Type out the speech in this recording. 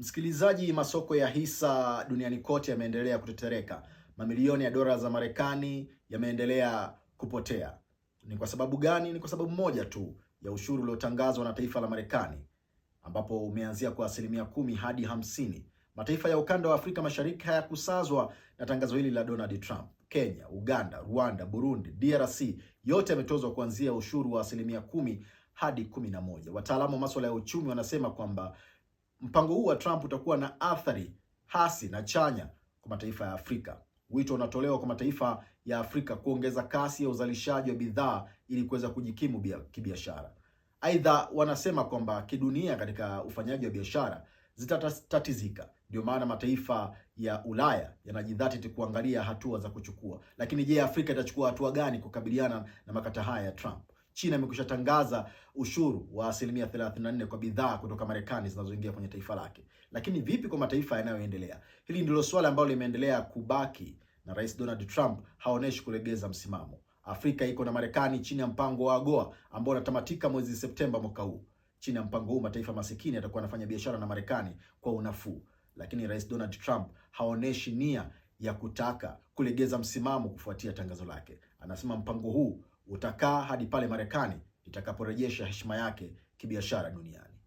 Msikilizaji, masoko ya hisa duniani kote yameendelea kutetereka. Mamilioni ya dola za Marekani yameendelea kupotea. Ni kwa sababu gani? Ni kwa sababu moja tu ya ushuru uliotangazwa na taifa la Marekani, ambapo umeanzia kwa asilimia kumi hadi hamsini. Mataifa ya ukanda wa Afrika Mashariki hayakusazwa na tangazo hili la Donald Trump. Kenya, Uganda, Rwanda, Burundi, DRC yote yametozwa kuanzia ushuru wa asilimia kumi hadi kumi na moja. Wataalamu wa masuala ya uchumi wanasema kwamba Mpango huu wa Trump utakuwa na athari hasi na chanya kwa mataifa ya Afrika. Wito unatolewa kwa mataifa ya Afrika kuongeza kasi ya uzalishaji wa bidhaa ili kuweza kujikimu kibiashara. Aidha, wanasema kwamba kidunia, katika ufanyaji wa biashara zitatatizika. Ndio maana mataifa ya Ulaya yanajidhatiti kuangalia hatua za kuchukua. Lakini je, Afrika itachukua hatua gani kukabiliana na makata haya ya Trump? China imekwisha tangaza ushuru wa asilimia 34 kwa bidhaa kutoka Marekani zinazoingia kwenye taifa lake. Lakini vipi kwa mataifa yanayoendelea? Hili ndilo swali ambalo limeendelea kubaki na Rais Donald Trump haoneshi kulegeza msimamo. Afrika iko na Marekani chini ya mpango wa AGOA ambao unatamatika mwezi Septemba mwaka huu. Chini ya mpango huu, mataifa masikini yatakuwa anafanya biashara na Marekani kwa unafuu, lakini Rais Donald Trump haoneshi nia ya kutaka kulegeza msimamo kufuatia tangazo lake. Anasema mpango huu utakaa hadi pale Marekani itakaporejesha heshima yake kibiashara duniani.